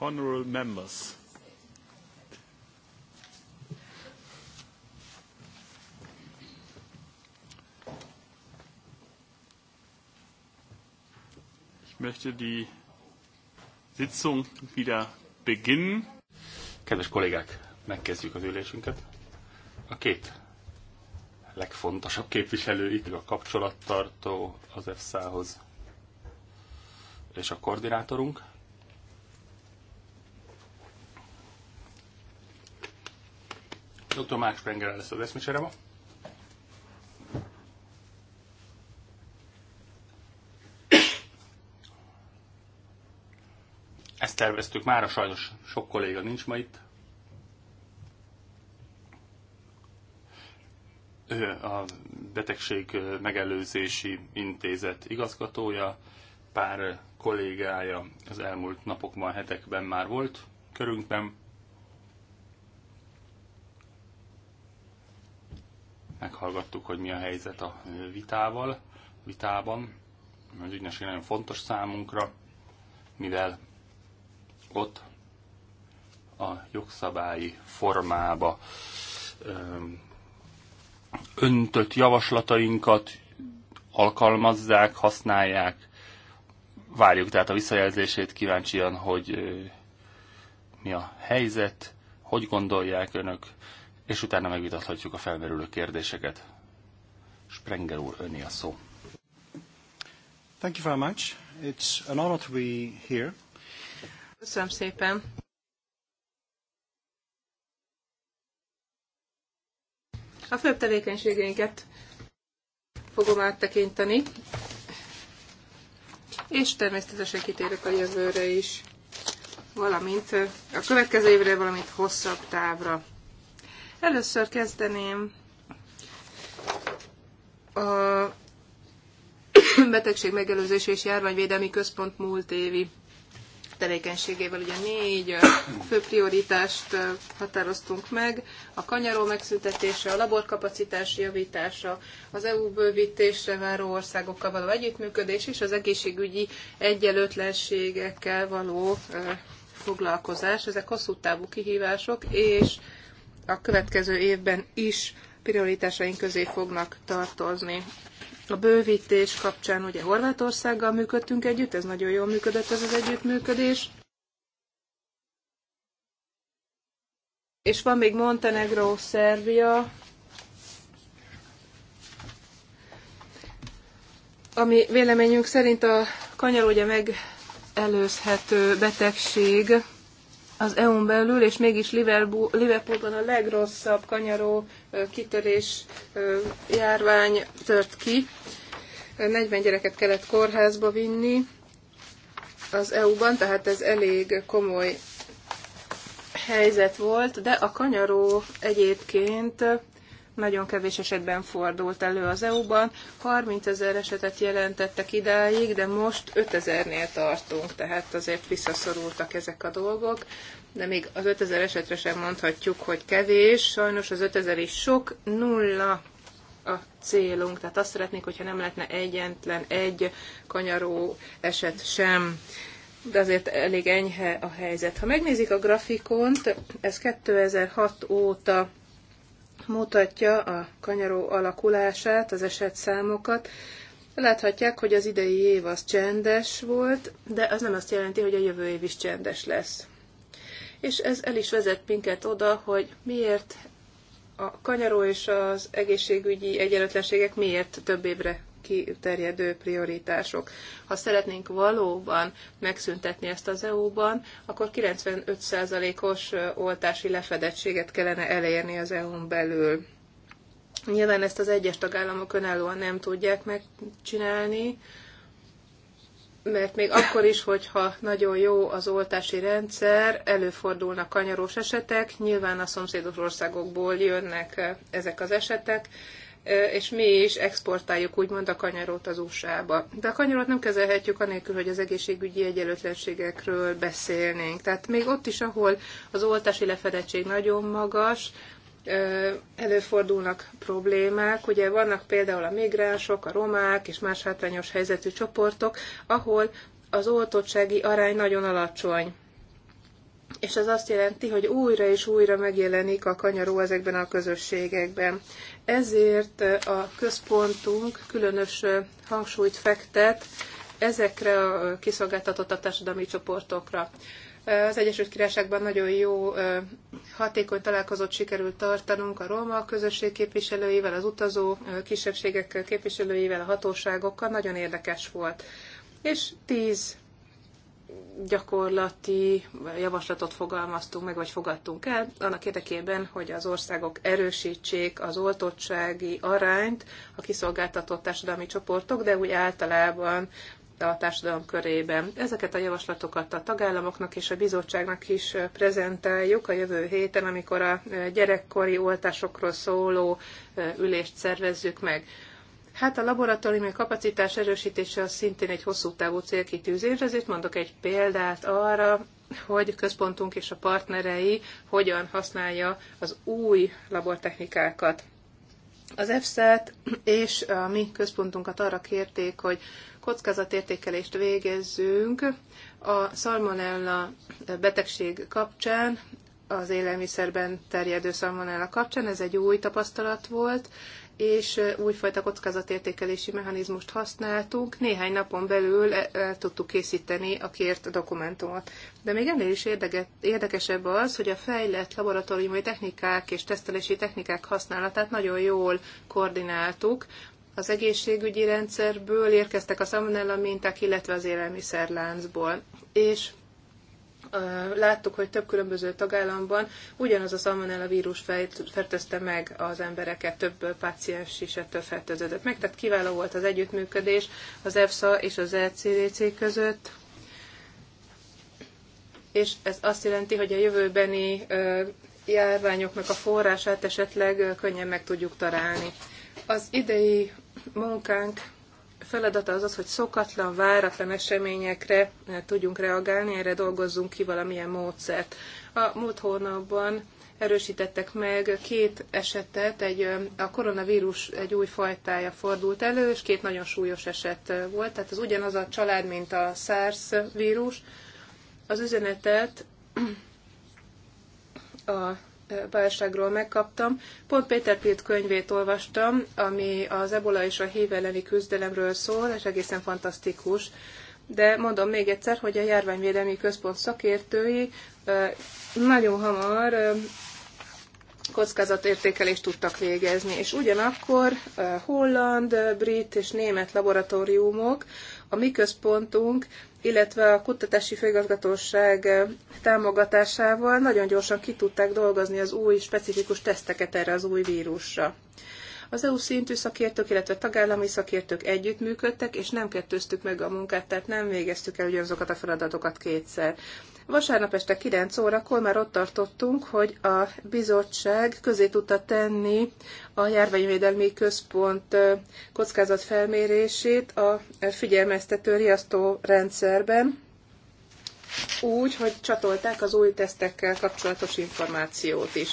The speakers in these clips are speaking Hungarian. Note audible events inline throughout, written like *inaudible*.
honourable members. Ich möchte die Sitzung wieder beginnen. Kedves kollégák, megkezdjük az ülésünket. A két legfontosabb képviselő itt a kapcsolattartó az EFSA-hoz és a koordinátorunk. Dr. Mark Sprenger lesz az eszmecsere ma. Ezt terveztük már, a sajnos sok kolléga nincs ma itt. Ő a Betegség Megelőzési Intézet igazgatója, pár kollégája az elmúlt napokban, hetekben már volt körünkben. meghallgattuk, hogy mi a helyzet a vitával, vitában. Az ügynökség nagyon fontos számunkra, mivel ott a jogszabályi formába öntött javaslatainkat alkalmazzák, használják. Várjuk tehát a visszajelzését kíváncsian, hogy mi a helyzet, hogy gondolják önök, és utána megvitathatjuk a felmerülő kérdéseket. Sprenger úr, öné a szó. Thank you very much. It's an honor to be here. Köszönöm szépen. A főbb tevékenységeinket fogom áttekinteni, és természetesen kitérek a jövőre is, valamint a következő évre, valamint hosszabb távra. Először kezdeném a *coughs* Betegség Megelőzés és Járványvédelmi Központ múlt évi tevékenységével ugye négy fő prioritást határoztunk meg, a kanyaró megszüntetése, a laborkapacitás javítása, az EU bővítésre váró országokkal való együttműködés és az egészségügyi egyenlőtlenségekkel való foglalkozás. Ezek hosszú távú kihívások, és a következő évben is prioritásaink közé fognak tartozni. A bővítés kapcsán ugye Horvátországgal működtünk együtt, ez nagyon jól működött ez az együttműködés. És van még Montenegro, Szerbia, ami véleményünk szerint a kanyar ugye megelőzhető betegség, az EU-n belül, és mégis Liverpoolban a legrosszabb kanyaró kitörés járvány tört ki. 40 gyereket kellett kórházba vinni az EU-ban, tehát ez elég komoly helyzet volt, de a kanyaró egyébként nagyon kevés esetben fordult elő az EU-ban. 30 ezer esetet jelentettek idáig, de most 5 ezernél tartunk, tehát azért visszaszorultak ezek a dolgok. De még az 5 ezer esetre sem mondhatjuk, hogy kevés, sajnos az 5 ezer is sok, nulla a célunk. Tehát azt szeretnék, hogyha nem lehetne egyetlen egy kanyaró eset sem de azért elég enyhe a helyzet. Ha megnézik a grafikont, ez 2006 óta mutatja a kanyaró alakulását, az eset számokat. Láthatják, hogy az idei év az csendes volt, de az nem azt jelenti, hogy a jövő év is csendes lesz. És ez el is vezet minket oda, hogy miért a kanyaró és az egészségügyi egyenlőtlenségek miért több évre kiterjedő prioritások. Ha szeretnénk valóban megszüntetni ezt az EU-ban, akkor 95%-os oltási lefedettséget kellene elérni az EU-n belül. Nyilván ezt az egyes tagállamok önállóan nem tudják megcsinálni, mert még akkor is, hogyha nagyon jó az oltási rendszer, előfordulnak kanyaros esetek, nyilván a szomszédos országokból jönnek ezek az esetek, és mi is exportáljuk úgymond a kanyarót az USA-ba. De a kanyarót nem kezelhetjük anélkül, hogy az egészségügyi egyenlőtlenségekről beszélnénk. Tehát még ott is, ahol az oltási lefedettség nagyon magas, előfordulnak problémák. Ugye vannak például a migránsok, a romák és más hátrányos helyzetű csoportok, ahol az oltottsági arány nagyon alacsony és ez azt jelenti, hogy újra és újra megjelenik a kanyaró ezekben a közösségekben. Ezért a központunk különös hangsúlyt fektet ezekre a a társadalmi csoportokra. Az Egyesült Királyságban nagyon jó, hatékony találkozót sikerült tartanunk a roma közösség képviselőivel, az utazó kisebbségek képviselőivel, a hatóságokkal, nagyon érdekes volt. És tíz gyakorlati javaslatot fogalmaztunk meg, vagy fogadtunk el, annak érdekében, hogy az országok erősítsék az oltottsági arányt a kiszolgáltatott társadalmi csoportok, de úgy általában a társadalom körében. Ezeket a javaslatokat a tagállamoknak és a bizottságnak is prezentáljuk a jövő héten, amikor a gyerekkori oltásokról szóló ülést szervezzük meg. Hát a laboratóriumi kapacitás erősítése az szintén egy hosszú távú célkitűzés, ezért mondok egy példát arra, hogy központunk és a partnerei hogyan használja az új labortechnikákat. Az efsz et és a mi központunkat arra kérték, hogy kockázatértékelést végezzünk a szalmonella betegség kapcsán, az élelmiszerben terjedő szalmonella kapcsán. Ez egy új tapasztalat volt, és újfajta kockázatértékelési mechanizmust használtunk. Néhány napon belül e, el tudtuk készíteni a kért dokumentumot. De még ennél is érdeke, érdekesebb az, hogy a fejlett laboratóriumi technikák és tesztelési technikák használatát nagyon jól koordináltuk. Az egészségügyi rendszerből érkeztek a szamonella minták, illetve az élelmiszerláncból. És láttuk, hogy több különböző tagállamban ugyanaz a szalmonella vírus fertőzte meg az embereket, több páciens is ettől fertőződött meg, tehát kiváló volt az együttműködés az EFSA és az ECDC között. És ez azt jelenti, hogy a jövőbeni járványoknak a forrását esetleg könnyen meg tudjuk találni. Az idei munkánk feladata az az, hogy szokatlan, váratlan eseményekre eh, tudjunk reagálni, erre dolgozzunk ki valamilyen módszert. A múlt hónapban erősítettek meg két esetet, egy, eh, a koronavírus egy új fajtája fordult elő, és két nagyon súlyos eset eh, volt, tehát az ugyanaz a család, mint a SARS vírus. Az üzenetet a válságról megkaptam. Pont Péter Pilt könyvét olvastam, ami az ebola és a hív elleni küzdelemről szól, és egészen fantasztikus. De mondom még egyszer, hogy a járványvédelmi központ szakértői nagyon hamar kockázatértékelést tudtak végezni. És ugyanakkor holland, brit és német laboratóriumok, a mi központunk illetve a kutatási főigazgatóság eh, támogatásával nagyon gyorsan ki tudták dolgozni az új specifikus teszteket erre az új vírusra. Az EU szintű szakértők, illetve tagállami szakértők együttműködtek, és nem kettőztük meg a munkát, tehát nem végeztük el ugyanazokat a feladatokat kétszer. Vasárnap este 9 órakor már ott tartottunk, hogy a bizottság közé tudta tenni a Járványvédelmi Központ kockázatfelmérését a figyelmeztető riasztó rendszerben, úgy, hogy csatolták az új tesztekkel kapcsolatos információt is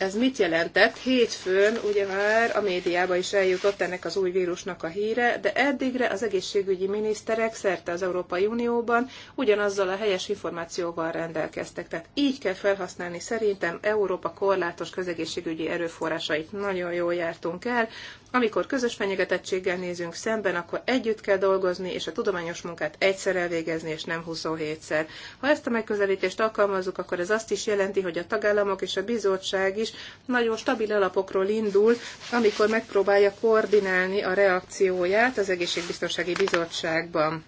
ez mit jelentett? Hétfőn ugye már a médiába is eljutott ennek az új vírusnak a híre, de eddigre az egészségügyi miniszterek szerte az Európai Unióban ugyanazzal a helyes információval rendelkeztek. Tehát így kell felhasználni szerintem Európa korlátos közegészségügyi erőforrásait. Nagyon jól jártunk el. Amikor közös fenyegetettséggel nézünk szemben, akkor együtt kell dolgozni, és a tudományos munkát egyszer elvégezni, és nem 27-szer. Ha ezt a megközelítést alkalmazzuk, akkor ez azt is jelenti, hogy a tagállamok és a bizottság is és nagyon stabil alapokról indul, amikor megpróbálja koordinálni a reakcióját az Egészségbiztonsági Bizottságban.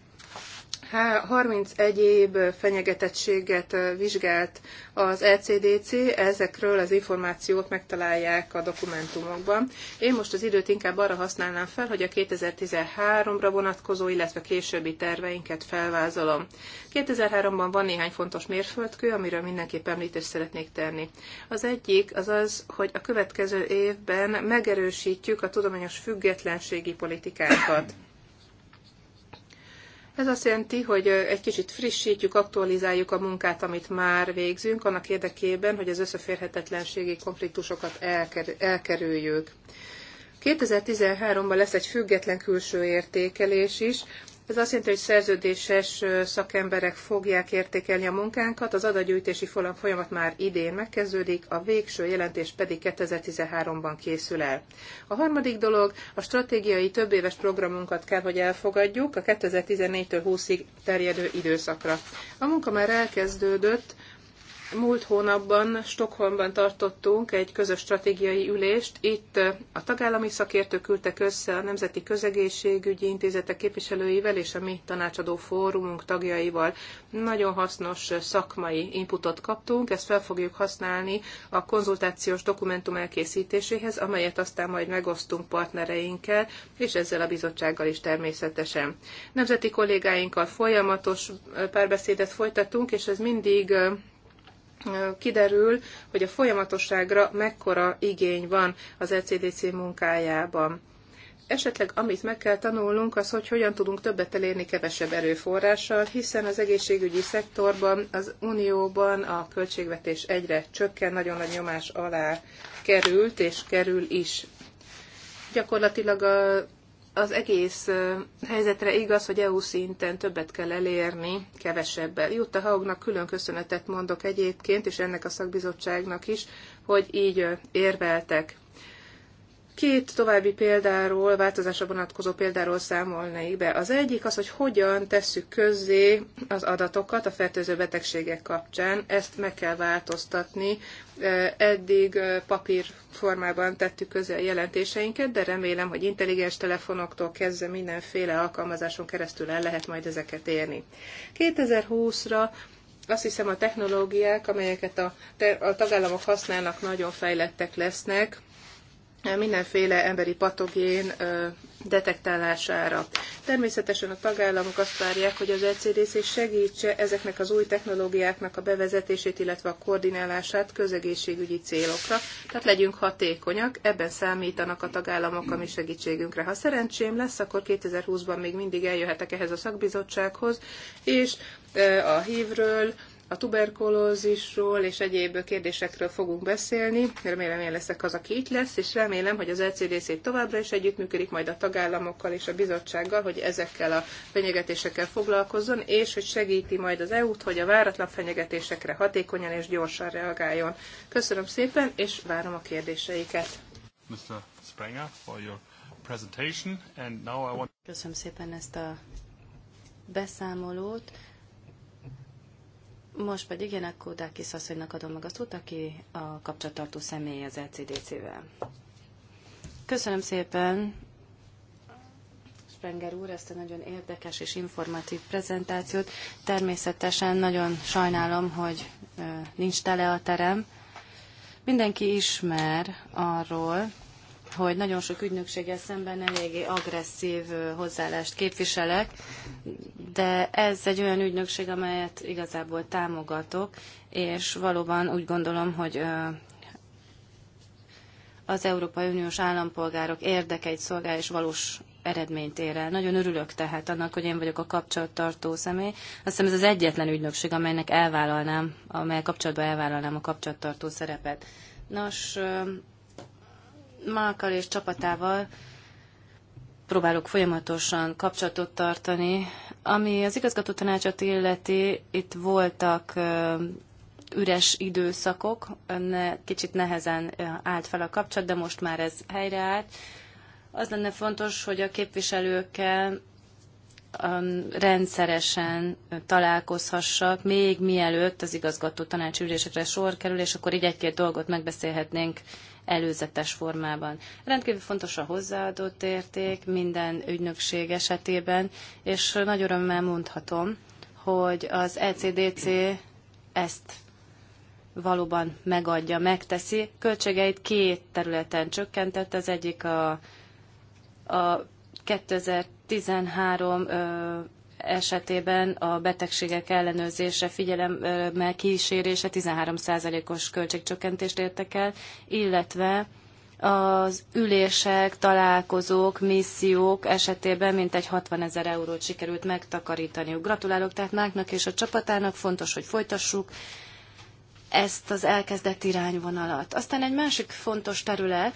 31 egyéb fenyegetettséget vizsgált az ECDC, ezekről az információt megtalálják a dokumentumokban. Én most az időt inkább arra használnám fel, hogy a 2013-ra vonatkozó, illetve későbbi terveinket felvázolom. 2003-ban van néhány fontos mérföldkő, amiről mindenképp említést szeretnék tenni. Az egyik az az, hogy a következő évben megerősítjük a tudományos függetlenségi politikánkat. Ez azt jelenti, hogy egy kicsit frissítjük, aktualizáljuk a munkát, amit már végzünk, annak érdekében, hogy az összeférhetetlenségi konfliktusokat elkerüljük. 2013-ban lesz egy független külső értékelés is, ez azt jelenti, hogy szerződéses szakemberek fogják értékelni a munkánkat, az adagyűjtési folyamat már idén megkezdődik, a végső jelentés pedig 2013-ban készül el. A harmadik dolog, a stratégiai többéves programunkat kell, hogy elfogadjuk a 2014-től 20-ig terjedő időszakra. A munka már elkezdődött, múlt hónapban Stockholmban tartottunk egy közös stratégiai ülést. Itt eh, a tagállami szakértők ültek össze a Nemzeti Közegészségügyi Intézetek képviselőivel és a mi tanácsadó fórumunk tagjaival. Nagyon hasznos eh, szakmai inputot kaptunk, ezt fel fogjuk használni a konzultációs dokumentum elkészítéséhez, amelyet aztán majd megosztunk partnereinkkel, és ezzel a bizottsággal is természetesen. Nemzeti kollégáinkkal folyamatos eh, párbeszédet folytatunk, és ez mindig kiderül, hogy a folyamatosságra mekkora igény van az ECDC munkájában. Esetleg amit meg kell tanulnunk, az, hogy hogyan tudunk többet elérni kevesebb erőforrással, hiszen az egészségügyi szektorban, az unióban a költségvetés egyre csökken, nagyon nagy nyomás alá került és kerül is. Gyakorlatilag a az egész helyzetre igaz, hogy EU szinten többet kell elérni kevesebbel. Jutta Haugnak külön köszönetet mondok egyébként, és ennek a szakbizottságnak is, hogy így érveltek Két további példáról, változásra vonatkozó példáról számolnék be. Az egyik az, hogy hogyan tesszük közzé az adatokat a fertőző betegségek kapcsán. Ezt meg kell változtatni. Eddig papír formában tettük közzé a jelentéseinket, de remélem, hogy intelligens telefonoktól kezdve mindenféle alkalmazáson keresztül el lehet majd ezeket érni. 2020-ra azt hiszem a technológiák, amelyeket a, a tagállamok használnak, nagyon fejlettek lesznek mindenféle emberi patogén detektálására. Természetesen a tagállamok azt várják, hogy az ECDC segítse ezeknek az új technológiáknak a bevezetését, illetve a koordinálását közegészségügyi célokra, tehát legyünk hatékonyak, ebben számítanak a tagállamok a mi segítségünkre. Ha szerencsém lesz, akkor 2020-ban még mindig eljöhetek ehhez a szakbizottsághoz, és a hívről, a tuberkulózisról és egyéb kérdésekről fogunk beszélni. Remélem én leszek az, aki itt lesz, és remélem, hogy az ECDC továbbra is együttműködik majd a tagállamokkal és a bizottsággal, hogy ezekkel a fenyegetésekkel foglalkozzon, és hogy segíti majd az EU-t, hogy a váratlan fenyegetésekre hatékonyan és gyorsan reagáljon. Köszönöm szépen, és várom a kérdéseiket. Mr. Sprenger, for your presentation, and now I want... Köszönöm szépen ezt a beszámolót. Most pedig Jenek Kódákis asszonynak adom meg a szót, aki a kapcsolattartó személy az LCDC-vel. E Köszönöm szépen, Sprenger úr, ezt a nagyon érdekes és informatív prezentációt. Természetesen nagyon sajnálom, hogy nincs tele a terem. Mindenki ismer arról, hogy nagyon sok ügynökséggel szemben eléggé agresszív hozzáállást képviselek, de ez egy olyan ügynökség, amelyet igazából támogatok, és valóban úgy gondolom, hogy az Európai Uniós állampolgárok érdekeit szolgál és valós eredményt ér el. Nagyon örülök tehát annak, hogy én vagyok a kapcsolattartó személy. Azt hiszem ez az egyetlen ügynökség, amelynek elvállalnám, amely kapcsolatban elvállalnám a kapcsolattartó szerepet. Nos, Mákkal és csapatával próbálok folyamatosan kapcsolatot tartani. Ami az igazgató tanácsot illeti, itt voltak üres időszakok, ne, kicsit nehezen állt fel a kapcsolat, de most már ez helyreállt. Az lenne fontos, hogy a képviselőkkel um, rendszeresen találkozhassak, még mielőtt az igazgató tanácsi ülésekre sor kerül, és akkor így egy-két dolgot megbeszélhetnénk előzetes formában. Rendkívül fontos a hozzáadott érték minden ügynökség esetében, és nagy örömmel mondhatom, hogy az ECDC ezt valóban megadja, megteszi. Költségeit két területen csökkentett, az egyik a, a 2013 esetében a betegségek ellenőrzése, figyelemmel kísérése 13%-os költségcsökkentést értek el, illetve az ülések, találkozók, missziók esetében mintegy 60 ezer eurót sikerült megtakarítaniuk. Gratulálok tehát Máknak és a csapatának, fontos, hogy folytassuk ezt az elkezdett irányvonalat. Aztán egy másik fontos terület,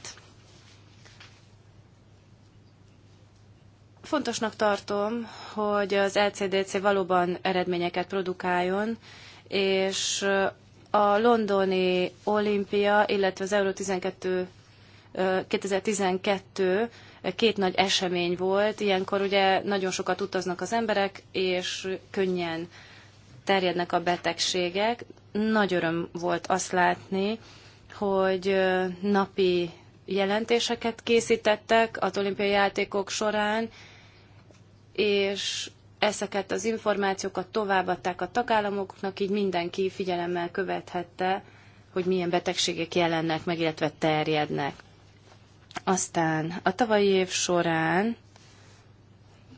Fontosnak tartom, hogy az LCDC e valóban eredményeket produkáljon, és a londoni olimpia, illetve az Euró 12 2012 két nagy esemény volt, ilyenkor ugye nagyon sokat utaznak az emberek, és könnyen terjednek a betegségek. Nagy öröm volt azt látni, hogy napi jelentéseket készítettek az olimpiai játékok során, és ezeket az információkat továbbadták a tagállamoknak, így mindenki figyelemmel követhette, hogy milyen betegségek jelennek meg, illetve terjednek. Aztán a tavalyi év során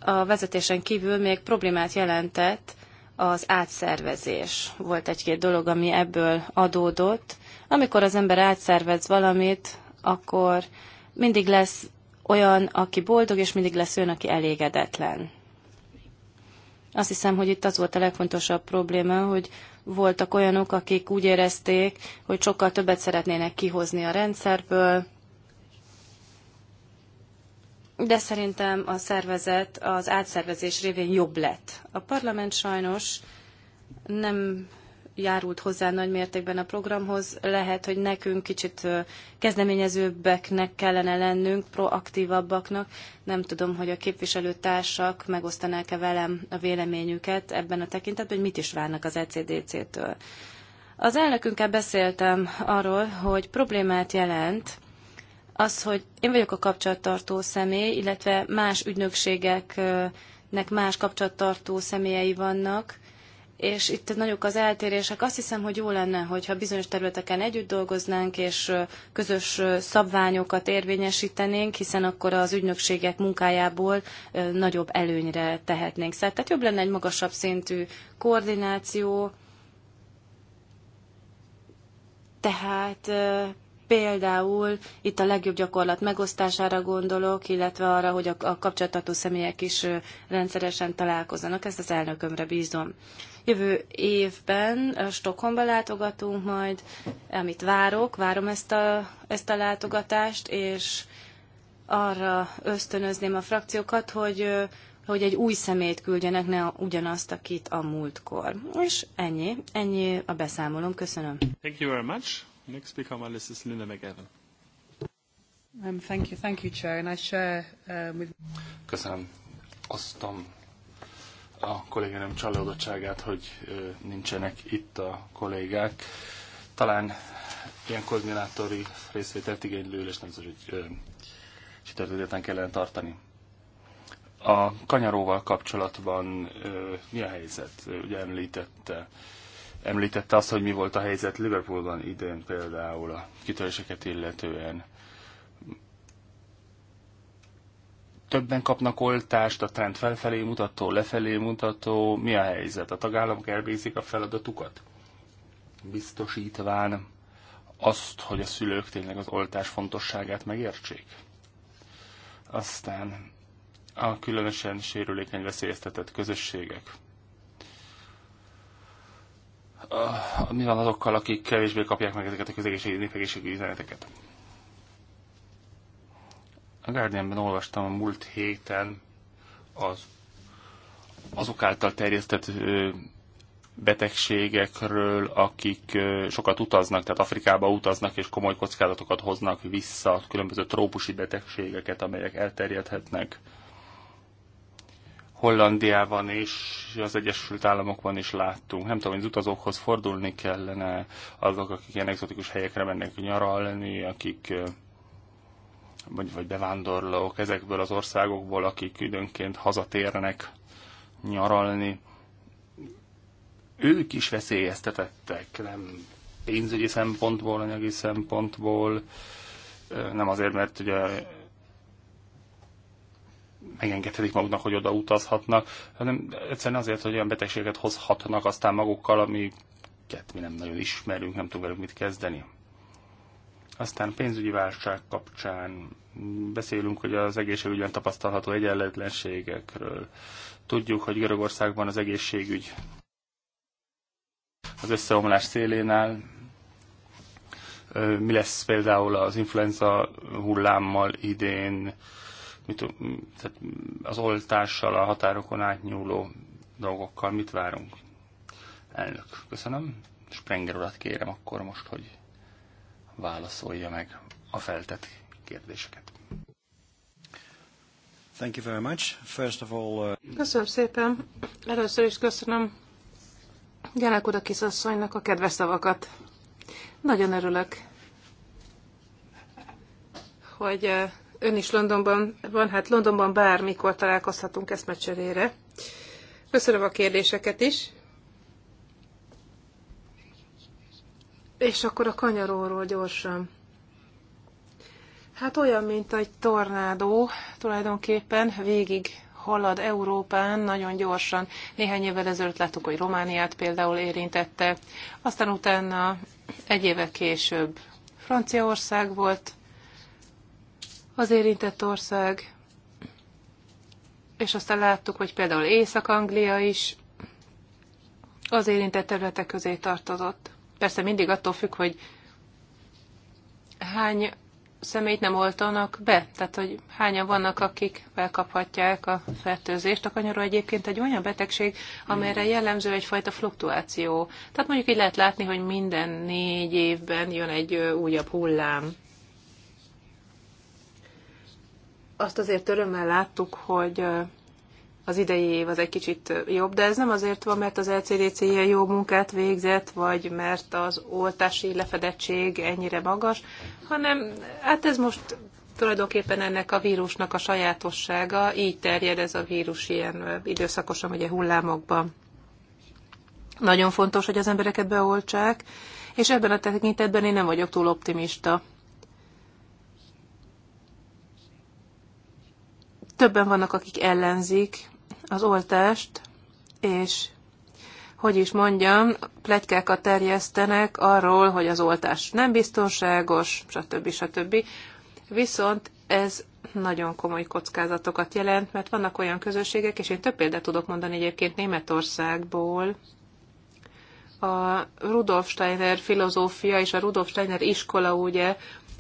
a vezetésen kívül még problémát jelentett az átszervezés. Volt egy-két dolog, ami ebből adódott. Amikor az ember átszervez valamit, akkor mindig lesz olyan, aki boldog, és mindig lesz olyan, aki elégedetlen. Azt hiszem, hogy itt az volt a legfontosabb probléma, hogy voltak olyanok, akik úgy érezték, hogy sokkal többet szeretnének kihozni a rendszerből, de szerintem a szervezet az átszervezés révén jobb lett. A parlament sajnos nem járult hozzá nagy mértékben a programhoz. Lehet, hogy nekünk kicsit kezdeményezőbbeknek kellene lennünk, proaktívabbaknak. Nem tudom, hogy a képviselőtársak megosztanák-e velem a véleményüket ebben a tekintetben, hogy mit is várnak az ECDC-től. Az elnökünkkel beszéltem arról, hogy problémát jelent az, hogy én vagyok a kapcsolattartó személy, illetve más ügynökségeknek más kapcsolattartó személyei vannak, és itt nagyok az eltérések. Azt hiszem, hogy jó lenne, hogyha bizonyos területeken együtt dolgoznánk, és közös szabványokat érvényesítenénk, hiszen akkor az ügynökségek munkájából nagyobb előnyre tehetnénk Szóval Tehát jobb lenne egy magasabb szintű koordináció, tehát például itt a legjobb gyakorlat megosztására gondolok, illetve arra, hogy a, a személyek is rendszeresen találkozzanak. Ezt az elnökömre bízom. Jövő évben Stockholmba látogatunk majd, amit várok, várom ezt a, ezt a látogatást, és arra ösztönözném a frakciókat, hogy hogy egy új szemét küldjenek, ne ugyanazt, akit a múltkor. És ennyi, ennyi a beszámolom. Köszönöm. Thank you very much. Next speaker on my list is Linda McEvan. Um, thank you, thank you, Chair, and I share um, with... Köszönöm. Osztom a kolléganőm csalódottságát, hogy nincsenek itt a kollégák. Talán ilyen koordinátori részvételt igénylő és nem tudom, hogy csütörtök kellene tartani. A kanyaróval kapcsolatban ö, mi a helyzet? Ugye említette, említette azt, hogy mi volt a helyzet Liverpoolban idén például a kitöréseket illetően. többen kapnak oltást, a trend felfelé mutató, lefelé mutató, mi a helyzet? A tagállamok elvégzik a feladatukat? Biztosítván azt, hogy a szülők tényleg az oltás fontosságát megértsék. Aztán a különösen sérülékeny veszélyeztetett közösségek. Ah, mi van azokkal, akik kevésbé kapják meg ezeket a közegészségügyi üzeneteket? A Guardianben olvastam a múlt héten az azok által terjesztett betegségekről, akik sokat utaznak, tehát Afrikába utaznak, és komoly kockázatokat hoznak vissza, különböző trópusi betegségeket, amelyek elterjedhetnek. Hollandiában és az Egyesült Államokban is láttunk. Nem tudom, hogy az utazókhoz fordulni kellene, azok, akik ilyen exotikus helyekre mennek nyaralni, akik vagy, vagy bevándorlók ezekből az országokból, akik időnként hazatérnek nyaralni, ők is veszélyeztetettek, nem pénzügyi szempontból, anyagi szempontból, nem azért, mert ugye megengedhetik maguknak, hogy oda utazhatnak, hanem egyszerűen azért, hogy olyan betegséget hozhatnak aztán magukkal, amiket mi nem nagyon ismerünk, nem tudunk velük mit kezdeni. Aztán pénzügyi válság kapcsán beszélünk hogy az egészségügyben tapasztalható egyenlőtlenségekről. Tudjuk, hogy Görögországban az egészségügy az összeomlás szélén áll. Mi lesz például az influenza hullámmal idén, mit, az oltással, a határokon átnyúló dolgokkal mit várunk? Elnök, köszönöm. Sprenger urat kérem akkor most, hogy válaszolja meg a feltett kérdéseket. Thank you very much. First of all, uh... Köszönöm szépen. Először is köszönöm Gyanak oda Kiszasszonynak a kedves szavakat. Nagyon örülök, hogy uh, ön is Londonban van, hát Londonban bármikor találkozhatunk eszmecserére. Köszönöm a kérdéseket is. És akkor a kanyaróról gyorsan. Hát olyan, mint egy tornádó, tulajdonképpen végig halad Európán nagyon gyorsan. Néhány évvel ezelőtt láttuk, hogy Romániát például érintette, aztán utána egy éve később Franciaország volt az érintett ország, és aztán láttuk, hogy például Észak-Anglia is az érintett területek közé tartozott. Persze mindig attól függ, hogy hány személyt nem oltanak be, tehát hogy hányan vannak, akik felkaphatják a fertőzést. A kanyaró egyébként egy olyan betegség, amelyre jellemző egyfajta fluktuáció. Tehát mondjuk így lehet látni, hogy minden négy évben jön egy újabb hullám. Azt azért örömmel láttuk, hogy az idei év az egy kicsit jobb, de ez nem azért van, mert az LCDC ilyen jó munkát végzett, vagy mert az oltási lefedettség ennyire magas, hanem hát ez most tulajdonképpen ennek a vírusnak a sajátossága, így terjed ez a vírus ilyen időszakosan, ugye hullámokban. Nagyon fontos, hogy az embereket beoltsák, és ebben a tekintetben én nem vagyok túl optimista. Többen vannak, akik ellenzik az oltást, és hogy is mondjam, plegykákat terjesztenek arról, hogy az oltás nem biztonságos, stb. stb. Viszont ez nagyon komoly kockázatokat jelent, mert vannak olyan közösségek, és én több példát tudok mondani egyébként Németországból, a Rudolf Steiner filozófia és a Rudolf Steiner iskola ugye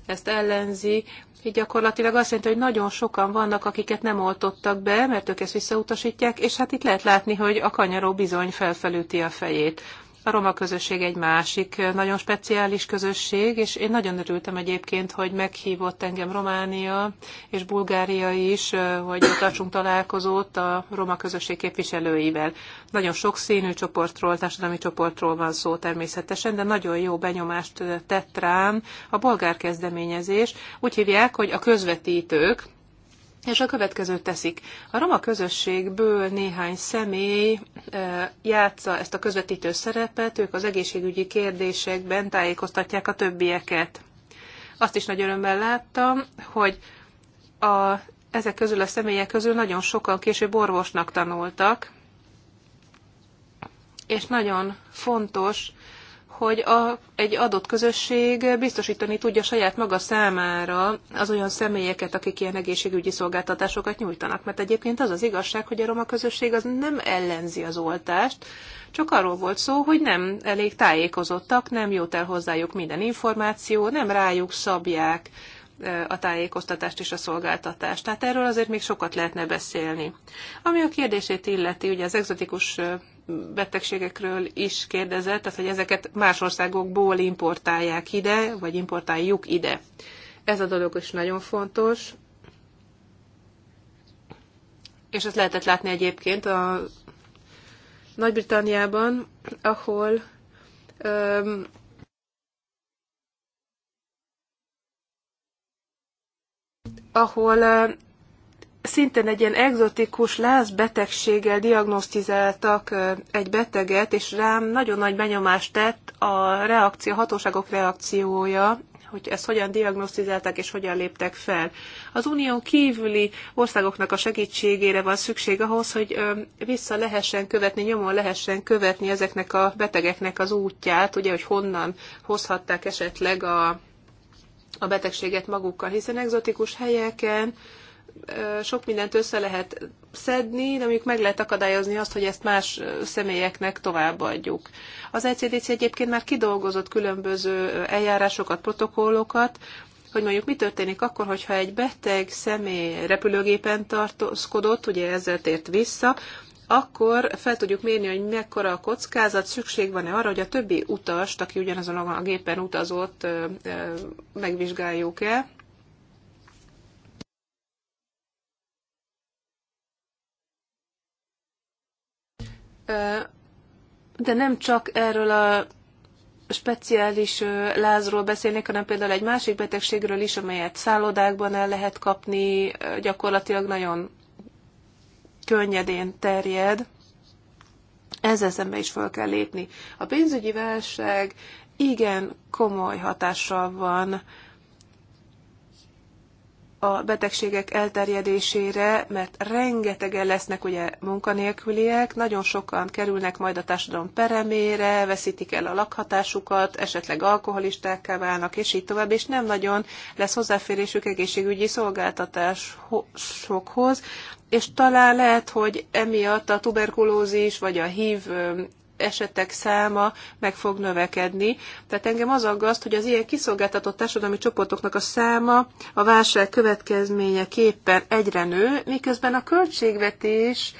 ezt ellenzi, így gyakorlatilag azt jelenti, hogy nagyon sokan vannak, akiket nem oltottak be, mert ők ezt visszautasítják, és hát itt lehet látni, hogy a kanyaró bizony felfelüti a fejét. A roma közösség egy másik nagyon speciális közösség, és én nagyon örültem egyébként, hogy meghívott engem Románia és Bulgária is, hogy tartsunk találkozót a roma közösség képviselőivel. Nagyon sok színű csoportról, társadalmi csoportról van szó természetesen, de nagyon jó benyomást tett rám a bolgár kezdeményezés. Úgy hívják, hogy a közvetítők, és a következőt teszik. A roma közösségből néhány személy játsza ezt a közvetítő szerepet, ők az egészségügyi kérdésekben tájékoztatják a többieket. Azt is nagy örömmel láttam, hogy a, ezek közül a személyek közül nagyon sokan később orvosnak tanultak, és nagyon fontos hogy a, egy adott közösség biztosítani tudja saját maga számára az olyan személyeket, akik ilyen egészségügyi szolgáltatásokat nyújtanak. Mert egyébként az az igazság, hogy a roma közösség az nem ellenzi az oltást, csak arról volt szó, hogy nem elég tájékozottak, nem jót el hozzájuk minden információ, nem rájuk szabják a tájékoztatást és a szolgáltatást. Tehát erről azért még sokat lehetne beszélni. Ami a kérdését illeti, ugye az egzotikus betegségekről is kérdezett, tehát hogy ezeket más országokból importálják ide, vagy importáljuk ide. Ez a dolog is nagyon fontos. És ezt lehetett látni egyébként a Nagy-Britanniában, ahol öm, ahol szintén egy ilyen egzotikus lázbetegséggel diagnosztizáltak egy beteget, és rám nagyon nagy benyomást tett a reakció, a hatóságok reakciója, hogy ezt hogyan diagnosztizálták és hogyan léptek fel. Az unió kívüli országoknak a segítségére van szükség ahhoz, hogy vissza lehessen követni, nyomon lehessen követni ezeknek a betegeknek az útját, ugye, hogy honnan hozhatták esetleg a a betegséget magukkal, hiszen egzotikus helyeken sok mindent össze lehet szedni, de mondjuk meg lehet akadályozni azt, hogy ezt más személyeknek továbbadjuk. Az ECDC egyébként már kidolgozott különböző eljárásokat, protokollokat, hogy mondjuk mi történik akkor, hogyha egy beteg személy repülőgépen tartózkodott, ugye ezzel tért vissza, akkor fel tudjuk mérni, hogy mekkora a kockázat, szükség van-e arra, hogy a többi utast, aki ugyanazon a gépen utazott, megvizsgáljuk-e. De nem csak erről a speciális lázról beszélnék, hanem például egy másik betegségről is, amelyet szállodákban el lehet kapni, gyakorlatilag nagyon könnyedén terjed, ezzel szembe is föl kell lépni. A pénzügyi válság igen komoly hatással van a betegségek elterjedésére, mert rengetegen lesznek ugye munkanélküliek, nagyon sokan kerülnek majd a társadalom peremére, veszítik el a lakhatásukat, esetleg alkoholistákká válnak, és így tovább, és nem nagyon lesz hozzáférésük egészségügyi szolgáltatásokhoz, és talán lehet, hogy emiatt a tuberkulózis vagy a HIV esetek száma meg fog növekedni. Tehát engem az aggaszt, hogy az ilyen kiszolgáltatott társadalmi csoportoknak a száma a válság következményeképpen egyre nő, miközben a költségvetési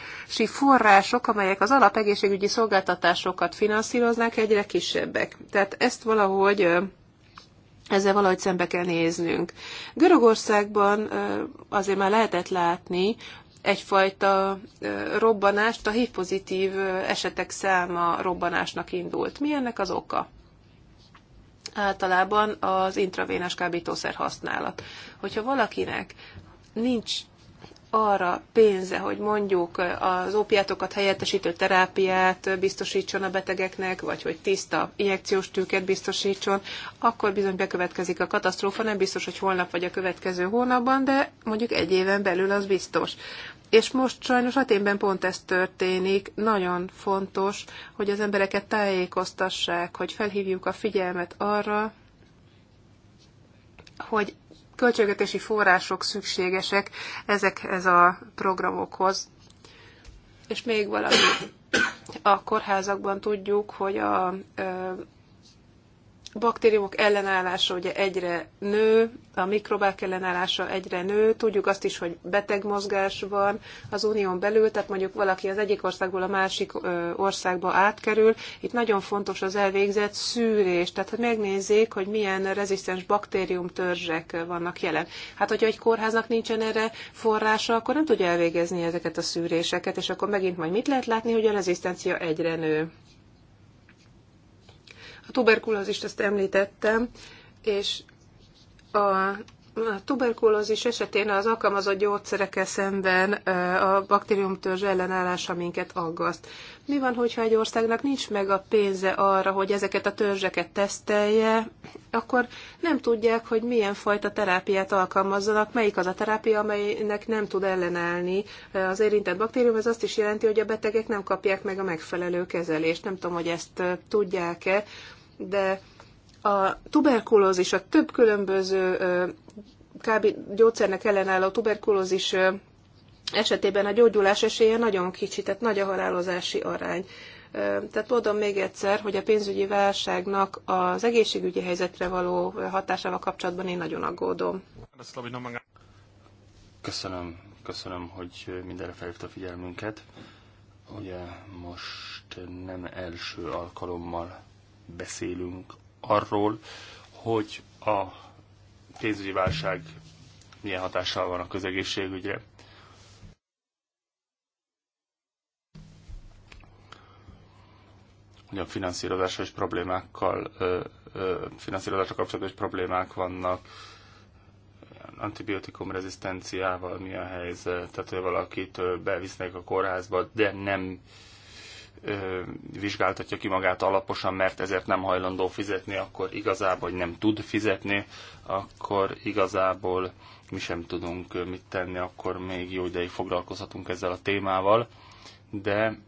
források, amelyek az alapegészségügyi szolgáltatásokat finanszíroznak, egyre kisebbek. Tehát ezt valahogy ezzel valahogy szembe kell néznünk. Görögországban azért már lehetett látni, egyfajta robbanást, a HIV pozitív esetek száma robbanásnak indult. Mi ennek az oka? Általában az intravénás kábítószer használat. Hogyha valakinek nincs arra pénze, hogy mondjuk az ópiátokat helyettesítő terápiát biztosítson a betegeknek, vagy hogy tiszta injekciós tűket biztosítson, akkor bizony bekövetkezik a katasztrófa, nem biztos, hogy holnap vagy a következő hónapban, de mondjuk egy éven belül az biztos. És most sajnos Aténben pont ez történik. Nagyon fontos, hogy az embereket tájékoztassák, hogy felhívjuk a figyelmet arra, hogy költségvetési források szükségesek ezekhez a programokhoz. És még valami. A kórházakban tudjuk, hogy a baktériumok ellenállása ugye egyre nő, a mikrobák ellenállása egyre nő, tudjuk azt is, hogy betegmozgás van az unión belül, tehát mondjuk valaki az egyik országból a másik országba átkerül. Itt nagyon fontos az elvégzett szűrés, tehát hogy megnézzék, hogy milyen rezisztens baktérium törzsek vannak jelen. Hát, hogyha egy kórháznak nincsen erre forrása, akkor nem tudja elvégezni ezeket a szűréseket, és akkor megint majd mit lehet látni, hogy a rezisztencia egyre nő. A tuberkulózist ezt említettem, és a, a tuberkulózis esetén az alkalmazott gyógyszerekkel szemben a baktériumtörzs ellenállása minket aggaszt. Mi van, hogyha egy országnak nincs meg a pénze arra, hogy ezeket a törzseket tesztelje, akkor nem tudják, hogy milyen fajta terápiát alkalmazzanak, melyik az a terápia, amelynek nem tud ellenállni az érintett baktérium. Ez azt is jelenti, hogy a betegek nem kapják meg a megfelelő kezelést. Nem tudom, hogy ezt tudják-e de a tuberkulózis, a több különböző kb. gyógyszernek ellenálló tuberkulózis esetében a gyógyulás esélye nagyon kicsi, tehát nagy a halálozási arány. Tehát mondom még egyszer, hogy a pénzügyi válságnak az egészségügyi helyzetre való hatásával kapcsolatban én nagyon aggódom. Köszönöm, köszönöm, hogy mindenre felhívta a figyelmünket. Ugye most nem első alkalommal beszélünk arról, hogy a pénzügyi válság milyen hatással van a közegészségügyre. Hogy a finanszírozással és problémákkal, finanszírozással kapcsolatos problémák vannak, antibiotikum rezisztenciával mi a helyzet, tehát hogy valakit bevisznek a kórházba, de nem vizsgáltatja ki magát alaposan, mert ezért nem hajlandó fizetni, akkor igazából hogy nem tud fizetni, akkor igazából mi sem tudunk mit tenni, akkor még jó ideig foglalkozhatunk ezzel a témával, de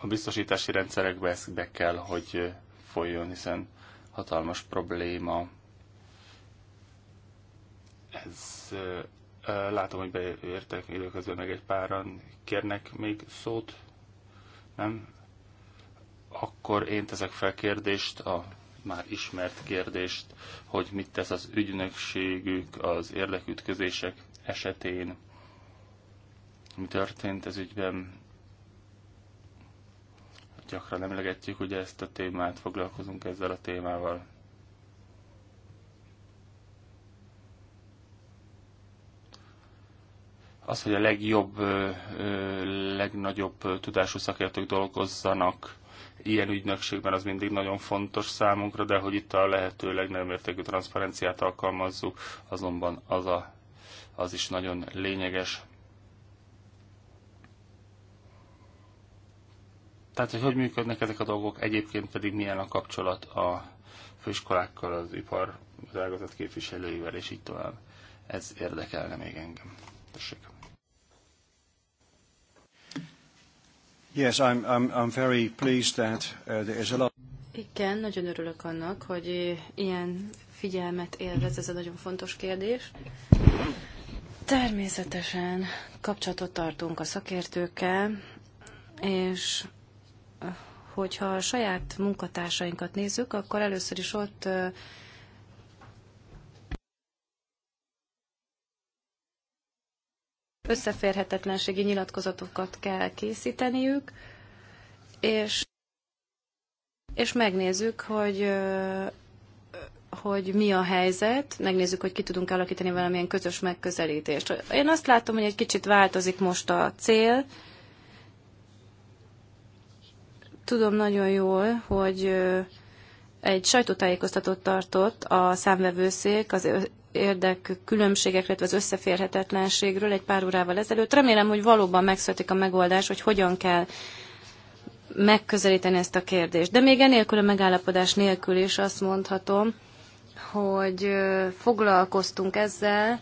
a biztosítási rendszerekbe ezt be kell, hogy folyjon, hiszen hatalmas probléma ez Látom, hogy beértek időközben meg egy páran. Kérnek még szót? Nem? Akkor én teszek fel kérdést, a már ismert kérdést, hogy mit tesz az ügynökségük az érdekütközések esetén. Mi történt ez ügyben? Gyakran emlegetjük hogy ezt a témát, foglalkozunk ezzel a témával. az, hogy a legjobb, legnagyobb tudású szakértők dolgozzanak ilyen ügynökségben, az mindig nagyon fontos számunkra, de hogy itt a lehető legnagyobb értékű transzparenciát alkalmazzuk, azonban az, a, az is nagyon lényeges. Tehát, hogy hogy működnek ezek a dolgok, egyébként pedig milyen a kapcsolat a főiskolákkal, az ipar, az ágazat képviselőivel, és így tovább. Ez érdekelne még engem. Tessék. Yes, I'm, I'm, I'm very pleased that uh, there is a lot. Igen, nagyon örülök annak, hogy eh, ilyen figyelmet élvez ez a nagyon fontos kérdés. Természetesen kapcsolatot tartunk a szakértőkkel, és eh, hogyha a saját munkatársainkat nézzük, akkor először is ott eh, összeférhetetlenségi nyilatkozatokat kell készíteniük, és, és megnézzük, hogy hogy mi a helyzet, megnézzük, hogy ki tudunk alakítani valamilyen közös megközelítést. Én azt látom, hogy egy kicsit változik most a cél. Tudom nagyon jól, hogy egy sajtótájékoztatót tartott a számvevőszék az érdek különbségekre, illetve az összeférhetetlenségről egy pár órával ezelőtt. Remélem, hogy valóban megszületik a megoldás, hogy hogyan kell megközelíteni ezt a kérdést. De még enélkül a megállapodás nélkül is azt mondhatom, hogy foglalkoztunk ezzel,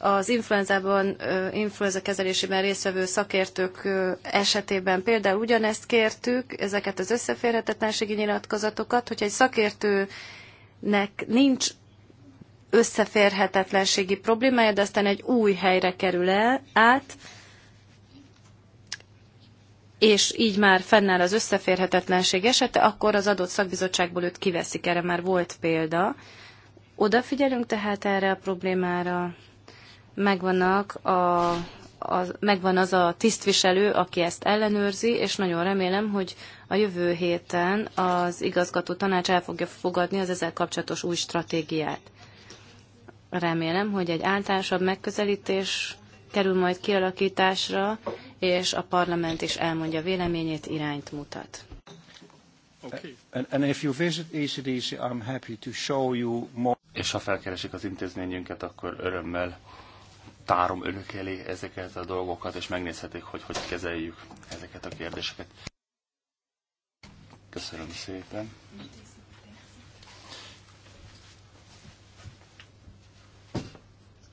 az influenzában, influenza kezelésében résztvevő szakértők esetében például ugyanezt kértük, ezeket az összeférhetetlenségi nyilatkozatokat, hogyha egy szakértőnek nincs összeférhetetlenségi problémája, de aztán egy új helyre kerül el, át, és így már fennáll az összeférhetetlenség esete, akkor az adott szakbizottságból őt kiveszik, erre már volt példa. Odafigyelünk tehát erre a problémára, megvannak a, az, megvan az a tisztviselő, aki ezt ellenőrzi, és nagyon remélem, hogy a jövő héten az igazgató tanács el fogja fogadni az ezzel kapcsolatos új stratégiát. Remélem, hogy egy általánosabb megközelítés kerül majd kialakításra, és a parlament is elmondja véleményét, irányt mutat. És ha felkeresik az intézményünket, akkor örömmel tárom önök elé ezeket a dolgokat, és megnézhetik, hogy hogy kezeljük ezeket a kérdéseket. Köszönöm szépen.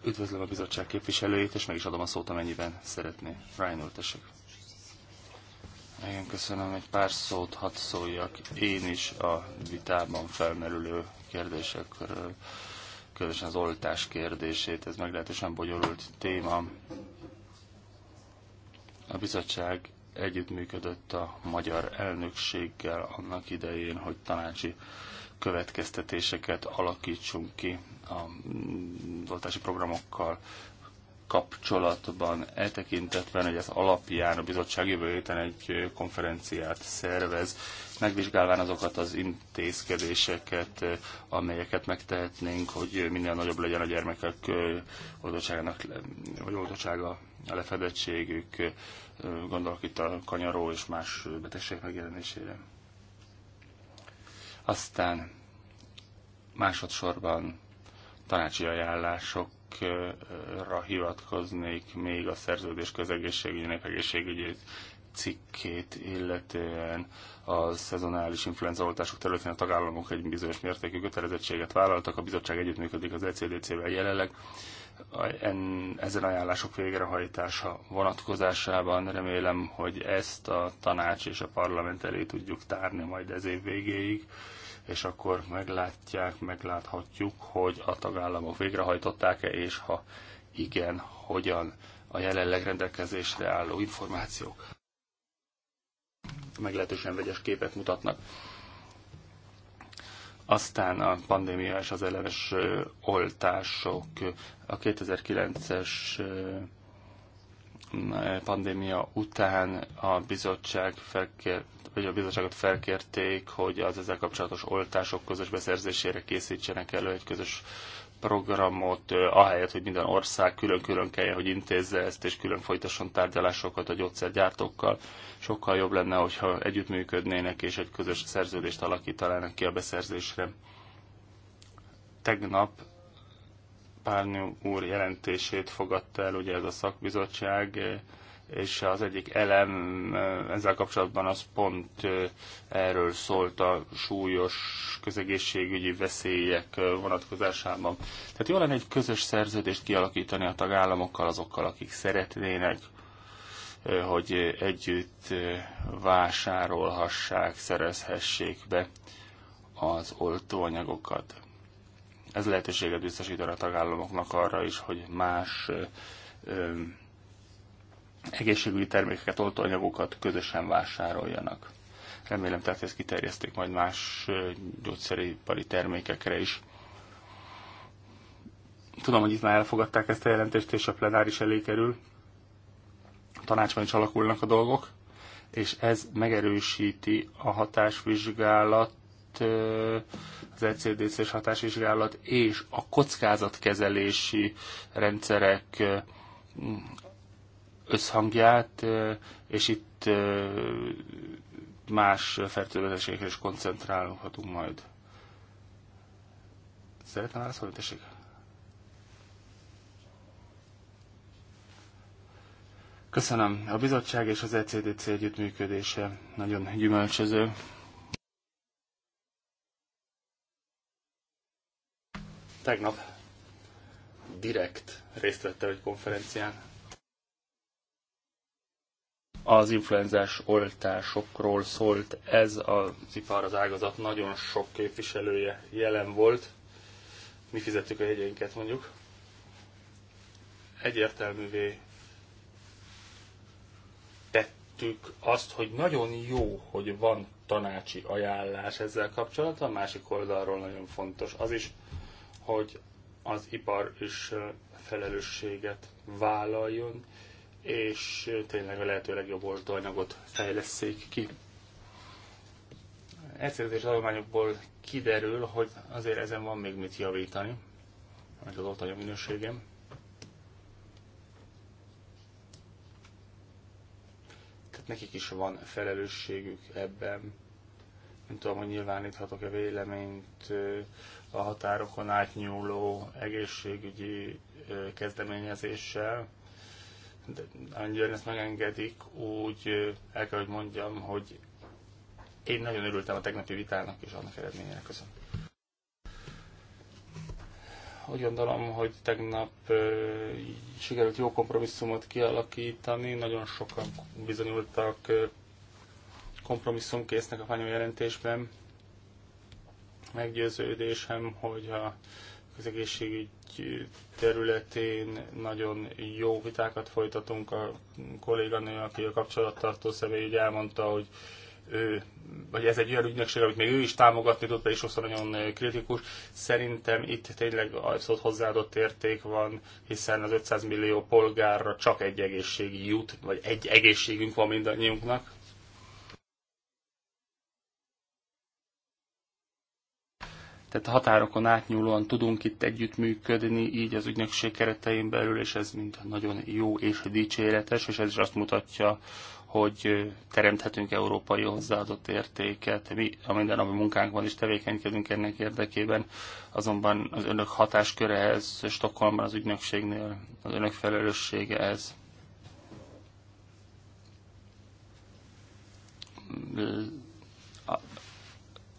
Üdvözlöm a bizottság képviselőjét, és meg is adom a szót, amennyiben szeretné. Ryan úr, tessék. Igen, köszönöm. Egy pár szót hadd szóljak én is a vitában felmerülő kérdésekről, különösen az oltás kérdését. Ez meglehetősen bonyolult téma. A bizottság együttműködött a magyar elnökséggel annak idején, hogy tanácsi következtetéseket alakítsunk ki Mm, az oltási programokkal kapcsolatban e hogy ez alapján a bizottság jövő héten egy konferenciát szervez, megvizsgálván azokat az intézkedéseket, amelyeket megtehetnénk, hogy minél nagyobb legyen a gyermekek oldottságának, vagy oldottsága a lefedettségük, gondolok itt a kanyaró és más betegség megjelenésére. Aztán másodszorban tanácsi ajánlásokra hivatkoznék még a szerződés közegészségügyi egészségügyi cikkét, illetően a szezonális influenzaoltások területén a tagállamok egy bizonyos mértékű kötelezettséget vállaltak, a bizottság együttműködik az ECDC-vel jelenleg. En, ezen ajánlások végrehajtása vonatkozásában remélem, hogy ezt a tanács és a parlament elé tudjuk tárni majd ez év végéig és akkor meglátják, megláthatjuk, hogy a tagállamok végrehajtották-e, és ha igen, hogyan a jelenleg rendelkezésre álló információk meglehetősen vegyes képet mutatnak. Aztán a pandémia és az eleves oltások, a 2009-es pandémia után a bizottság felkér, vagy a bizottságot felkérték, hogy az ezzel kapcsolatos oltások közös beszerzésére készítsenek elő egy közös programot, ahelyett, hogy minden ország külön-külön kelljen, hogy intézze ezt, és külön folytasson tárgyalásokat a gyógyszergyártókkal. Sokkal jobb lenne, hogyha együttműködnének, és egy közös szerződést alakítanának ki a beszerzésre. Tegnap Párnyú úr jelentését fogadta el ugye ez a szakbizottság, és az egyik elem ezzel kapcsolatban az pont erről szólt a súlyos közegészségügyi veszélyek vonatkozásában. Tehát jó lenne egy közös szerződést kialakítani a tagállamokkal, azokkal, akik szeretnének, hogy együtt vásárolhassák, szerezhessék be az oltóanyagokat. Ez lehetőséget biztosít a tagállamoknak arra is, hogy más ö, egészségügyi termékeket, oltóanyagokat közösen vásároljanak. Remélem, tehát ezt kiterjeszték majd más gyógyszeripari termékekre is. Tudom, hogy itt már elfogadták ezt a jelentést, és a plenáris elé kerül. A tanácsban is alakulnak a dolgok, és ez megerősíti a hatásvizsgálat az ECDC-s hatásvizsgálat és a kockázatkezelési rendszerek összhangját, és itt más fertőzésekre is koncentrálhatunk majd. Szeretne válaszolni, tessék? Köszönöm. A bizottság és az ECDC együttműködése nagyon gyümölcsöző. Tegnap direkt részt vettem egy konferencián. Az influenzás oltásokról szólt ez, az ipar, az ágazat nagyon sok képviselője jelen volt. Mi fizettük a jegyeinket mondjuk. Egyértelművé tettük azt, hogy nagyon jó, hogy van tanácsi ajánlás ezzel kapcsolatban, a másik oldalról nagyon fontos az is, hogy az ipar is felelősséget vállaljon, és tényleg a lehető legjobb oldalanyagot fejleszék ki. Egyszerűzés adományokból kiderül, hogy azért ezen van még mit javítani, hogy az oltanyag minőségem. Tehát nekik is van felelősségük ebben nem tudom, hogy nyilváníthatok-e véleményt a határokon átnyúló egészségügyi kezdeményezéssel, de annyira ezt megengedik, úgy el kell, hogy mondjam, hogy én nagyon örültem a tegnapi vitának és annak eredményének. Köszönöm. Úgy gondolom, hogy tegnap sikerült jó kompromisszumot kialakítani, nagyon sokan bizonyultak kompromisszumkésznek a fányó jelentésben. Meggyőződésem, hogy a egészségügy területén nagyon jó vitákat folytatunk. A kolléganő, aki a kapcsolattartó személy, ugye elmondta, hogy ő, vagy ez egy olyan ügynökség, amit még ő is támogatni tudta, és sokszor nagyon kritikus. Szerintem itt tényleg abszolút hozzáadott érték van, hiszen az 500 millió polgárra csak egy egészség jut, vagy egy egészségünk van mindannyiunknak. tehát határokon átnyúlóan tudunk itt együttműködni, így az ügynökség keretein belül, és ez mind nagyon jó és dicséretes, és ez is azt mutatja, hogy teremthetünk európai hozzáadott értéket. Mi a mindennapi munkánkban is tevékenykedünk ennek érdekében, azonban az önök hatáskörehez, Stockholmban az ügynökségnél az önök felelőssége ez.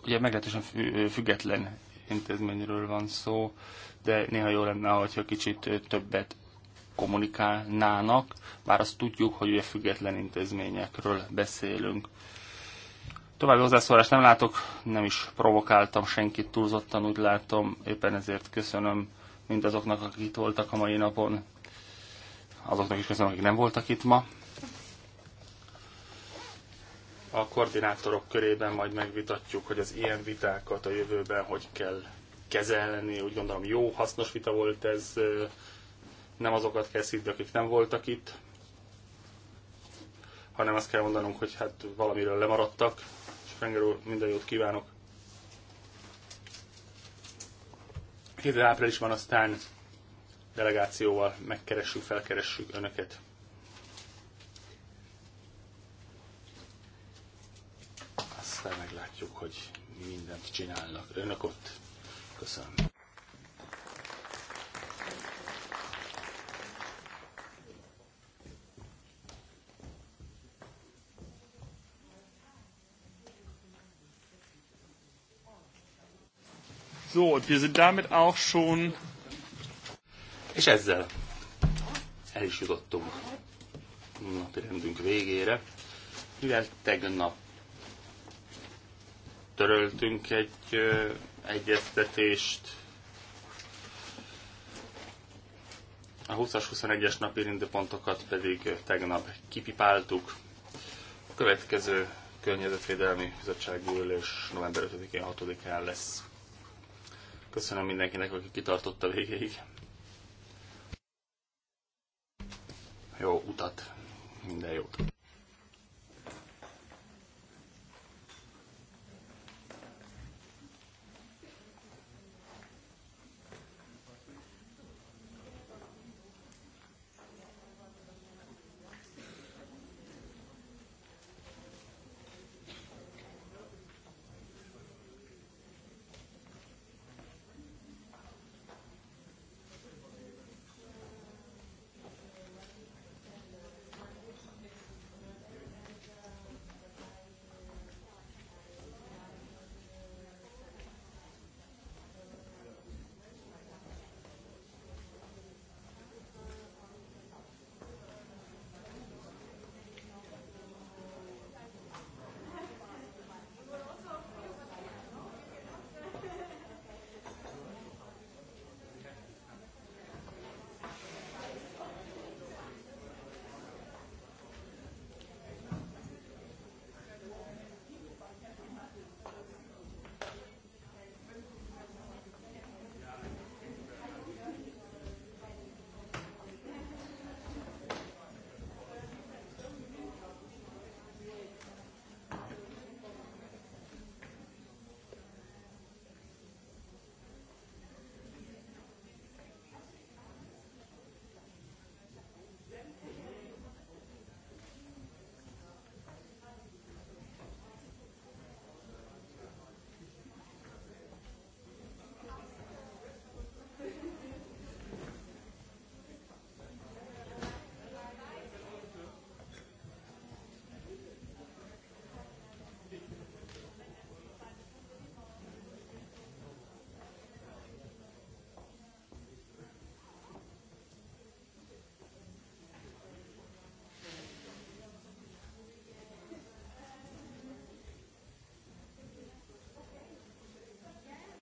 Ugye meglehetősen független intézményről van szó, de néha jó lenne, hogyha kicsit többet kommunikálnának, bár azt tudjuk, hogy ugye független intézményekről beszélünk. További hozzászólást nem látok, nem is provokáltam senkit túlzottan, úgy látom, éppen ezért köszönöm mindazoknak, akik itt voltak a mai napon, azoknak is köszönöm, akik nem voltak itt ma a koordinátorok körében majd megvitatjuk, hogy az ilyen vitákat a jövőben hogy kell kezelni. Úgy gondolom jó, hasznos vita volt ez. Nem azokat kell szívni, akik nem voltak itt, hanem azt kell mondanunk, hogy hát valamiről lemaradtak. Sprenger úr, minden jót kívánok! április áprilisban aztán delegációval megkeressük, felkeressük Önöket. látjuk, hogy mindent csinálnak. Önök ott. Köszönöm. So, und wir sind damit auch schon. És ezzel el is jutottunk napirendünk végére, mivel tegnap töröltünk egy ö, egyeztetést. A 20-as, 21-es napi rindipontokat pedig tegnap kipipáltuk. A következő környezetvédelmi bizottsági ülés november 5-én, 6-án lesz. Köszönöm mindenkinek, aki kitartott a végéig. Jó utat, minden jót!